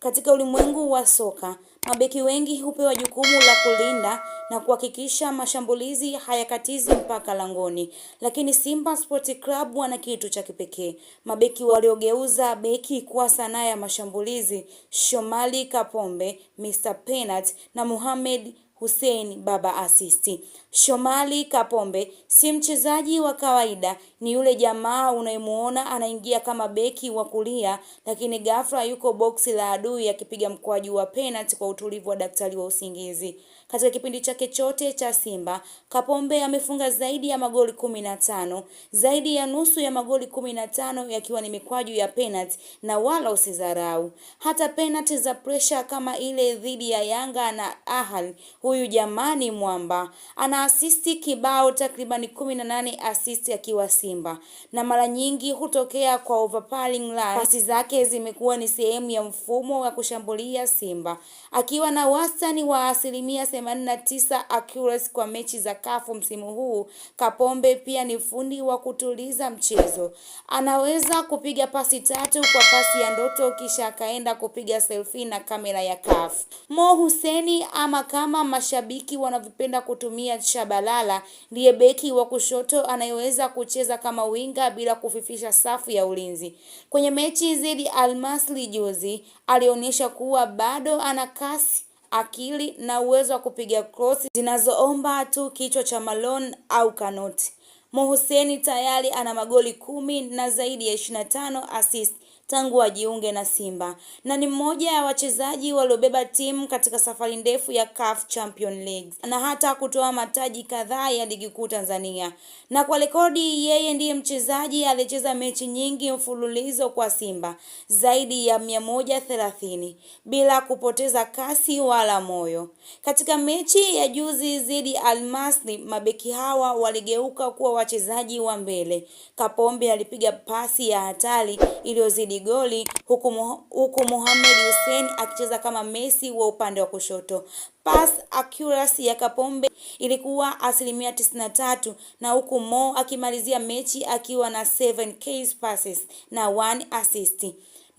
Katika ulimwengu wa soka, mabeki wengi hupewa jukumu la kulinda na kuhakikisha mashambulizi hayakatizi mpaka langoni, lakini Simba Sport Club wana kitu cha kipekee, mabeki waliogeuza beki kuwa sanaa ya mashambulizi. shomali Kapombe, Mr Penat na Mohamed Hussein Baba Asisti. Shomali Kapombe si mchezaji wa kawaida, ni yule jamaa unayemuona anaingia kama beki wa kulia, lakini ghafla yuko boksi la adui akipiga mkwaju wa penalti kwa utulivu wa daktari wa usingizi. Katika kipindi chake chote cha Simba, Kapombe amefunga zaidi ya magoli kumi na tano, zaidi ya nusu ya magoli kumi na tano yakiwa ni mikwaju ya penalti, na wala usizarau hata penalti za pressure kama ile dhidi ya Yanga na ahal huyu jamani Mwamba ana asisti kibao takribani kumi na nane asisti akiwa Simba, na mara nyingi hutokea kwa overpalling line. Pasi zake zimekuwa ni sehemu ya mfumo wa kushambulia Simba, akiwa na wastani wa asilimia 89 accuracy kwa mechi za kafu msimu huu. Kapombe pia ni fundi wa kutuliza mchezo, anaweza kupiga pasi tatu kwa pasi ya ndoto, kisha akaenda kupiga selfie na kamera ya kafu. Mo Huseni ama kama mashabiki wanavyopenda kutumia chabalala ndiye beki wa kushoto anayeweza kucheza kama winga bila kufifisha safu ya ulinzi. Kwenye mechi dhidi Almasli juzi, alionyesha kuwa bado ana kasi akili na uwezo wa kupiga krosi zinazoomba tu kichwa cha Malone au Kanoti. Mohuseni tayari ana magoli kumi na zaidi ya 25 assist tangu ajiunge na Simba na ni mmoja ya wachezaji waliobeba timu katika safari ndefu ya CAF Champion League na hata kutoa mataji kadhaa ya ligi kuu Tanzania. Na kwa rekodi, yeye ndiye mchezaji aliyecheza mechi nyingi mfululizo kwa Simba zaidi ya 130 thelathini bila kupoteza kasi wala moyo. Katika mechi ya juzi dhidi Al mabeki hawa waligeuka kuwa wachezaji wa mbele. Kapombe alipiga pasi ya hatari iliyozidi goli huku, huku Mohamed Hussein akicheza kama Messi wa upande wa kushoto. Pass accuracy ya Kapombe ilikuwa asilimia 93 na tatu na huku Mo akimalizia mechi akiwa na 7 case passes na 1 assist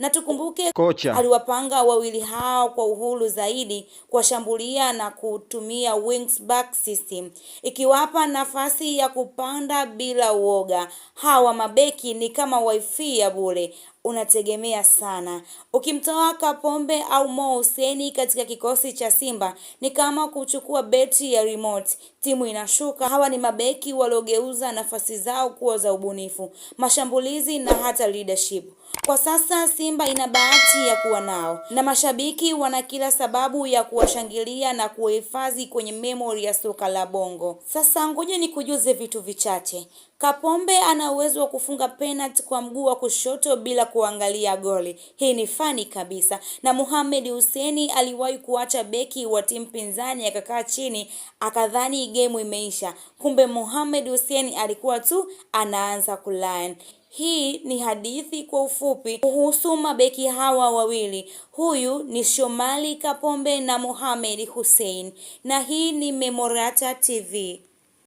na tukumbuke kocha aliwapanga wawili hao kwa uhuru zaidi kuwashambulia na kutumia wings back system ikiwapa nafasi ya kupanda bila uoga. Hawa mabeki ni kama wifi ya bure, unategemea sana. Ukimtoa Kapombe au Mo useni katika kikosi cha Simba ni kama kuchukua beti ya remote, timu inashuka. Hawa ni mabeki waliogeuza nafasi zao kuwa za ubunifu, mashambulizi na hata leadership. Kwa sasa Simba ina bahati ya kuwa nao na mashabiki wana kila sababu ya kuwashangilia na kuwahifadhi kwenye memori ya soka la Bongo. Sasa ngoja nikujuze vitu vichache. Kapombe ana uwezo wa kufunga penalti kwa mguu wa kushoto bila kuangalia goli. Hii ni fani kabisa. Na Mohamed Huseni aliwahi kuacha beki wa timu pinzani akakaa chini akadhani gemu imeisha. Kumbe Mohamed Huseni alikuwa tu anaanza kulain. Hii ni hadithi kwa ufupi kuhusu mabeki hawa wawili. Huyu ni Shomali Kapombe na Mohamed Hussein, na hii ni Memorata TV.